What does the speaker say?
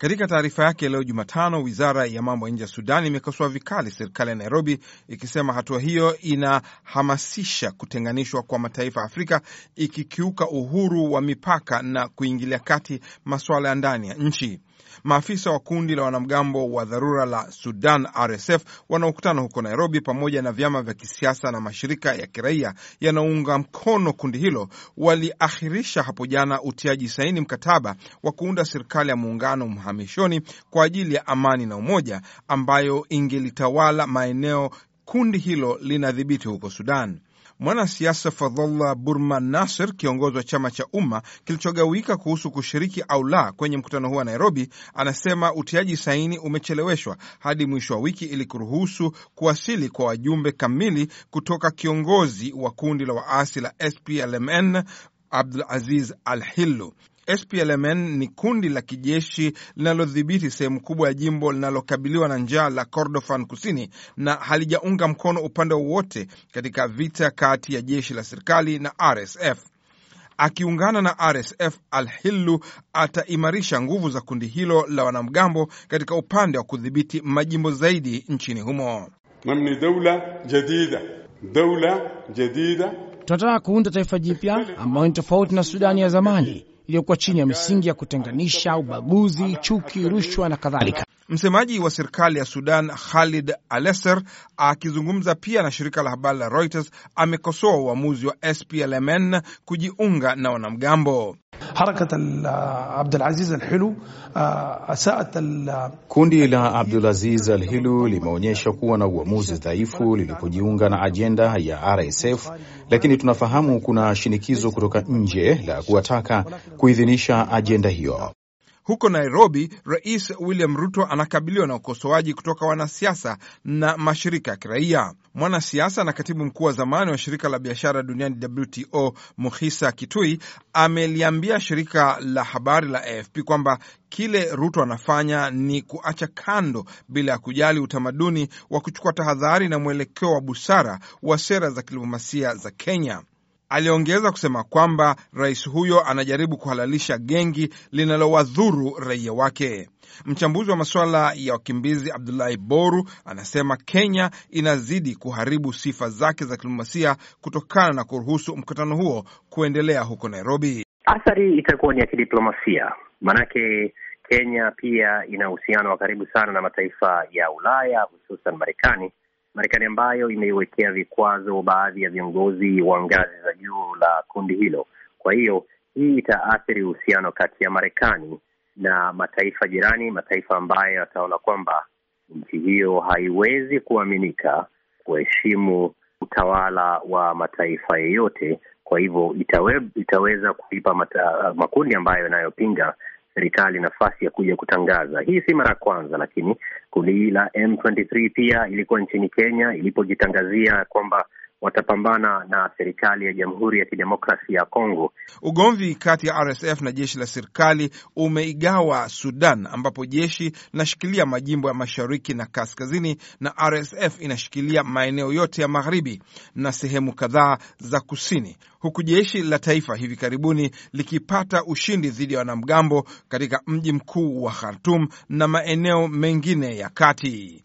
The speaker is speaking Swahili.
Katika taarifa yake leo Jumatano, wizara ya mambo ya nje ya Sudan imekosoa vikali serikali ya Nairobi ikisema hatua hiyo inahamasisha kutenganishwa kwa mataifa ya Afrika, ikikiuka uhuru wa mipaka na kuingilia kati masuala ya ndani ya nchi. Maafisa wa kundi la wanamgambo wa dharura la Sudan RSF wanaokutana huko Nairobi pamoja na vyama vya kisiasa na mashirika ya kiraia yanaunga mkono kundi hilo waliahirisha hapo jana utiaji saini mkataba wa kuunda serikali ya muungano uhamishoni kwa ajili ya amani na umoja ambayo ingelitawala maeneo kundi hilo linadhibiti huko Sudan. Mwanasiasa Fadhullah Burma Nasir, kiongozi wa chama cha Umma kilichogawika kuhusu kushiriki au la kwenye mkutano huu wa Nairobi, anasema utiaji saini umecheleweshwa hadi mwisho wa wiki ili kuruhusu kuwasili kwa wajumbe kamili kutoka kiongozi wa kundi la waasi la SPLMN Abdul Aziz Al Hillu. SPLMN ni kundi la kijeshi linalodhibiti sehemu kubwa ya jimbo linalokabiliwa na njaa la Kordofan Kusini na halijaunga mkono upande wowote katika vita kati ya jeshi la serikali na RSF. Akiungana na RSF, al ataimarisha nguvu za kundi hilo la wanamgambo katika upande wa kudhibiti majimbo zaidi nchini humo. namni daula jadida daula jadida, tunataka kuunda taifa jipya ambayo ni tofauti na Sudani ya zamani iliyokuwa chini ya misingi ya kutenganisha, ubaguzi, chuki, rushwa na kadhalika. Msemaji wa serikali ya Sudan Khalid Alesser akizungumza pia na shirika la habari la Reuters amekosoa uamuzi wa SPLMN kujiunga na wanamgambo. Harakat Abdulaziz Alhilu asat al. Kundi la Abdulaziz Alhilu limeonyesha kuwa na uamuzi dhaifu lilipojiunga na ajenda ya RSF, lakini tunafahamu kuna shinikizo kutoka nje la kuwataka kuidhinisha ajenda hiyo. Huko Nairobi, Rais William Ruto anakabiliwa na ukosoaji kutoka wanasiasa na mashirika ya kiraia. Mwanasiasa na katibu mkuu wa zamani wa shirika la biashara duniani WTO muhisa Kitui ameliambia shirika la habari la AFP kwamba kile Ruto anafanya ni kuacha kando bila ya kujali utamaduni wa kuchukua tahadhari na mwelekeo wa busara wa sera za kidiplomasia za Kenya. Aliongeza kusema kwamba rais huyo anajaribu kuhalalisha gengi linalowadhuru raia wake. Mchambuzi wa masuala ya wakimbizi Abdulahi Boru anasema Kenya inazidi kuharibu sifa zake za kidiplomasia kutokana na kuruhusu mkutano huo kuendelea huko Nairobi. Athari itakuwa ni ya kidiplomasia, maanake Kenya pia ina uhusiano wa karibu sana na mataifa ya Ulaya, hususan Marekani Marekani ambayo imeiwekea vikwazo baadhi ya viongozi wa ngazi za juu la kundi hilo. Kwa hiyo hii itaathiri uhusiano kati ya Marekani na mataifa jirani, mataifa ambayo yataona kwamba nchi hiyo haiwezi kuaminika kuheshimu utawala wa mataifa yeyote. Kwa hivyo itawe, itaweza kuipa makundi ambayo yanayopinga serikali nafasi ya kuja kutangaza. Hii si mara ya kwanza, lakini kundi la M23 pia ilikuwa nchini Kenya ilipojitangazia kwamba watapambana na serikali ya Jamhuri ya Kidemokrasia ya Kongo. Ugomvi kati ya RSF na jeshi la serikali umeigawa Sudan, ambapo jeshi linashikilia majimbo ya mashariki na kaskazini na RSF inashikilia maeneo yote ya magharibi na sehemu kadhaa za kusini, huku jeshi la taifa hivi karibuni likipata ushindi dhidi ya wanamgambo katika mji mkuu wa Khartum na maeneo mengine ya kati.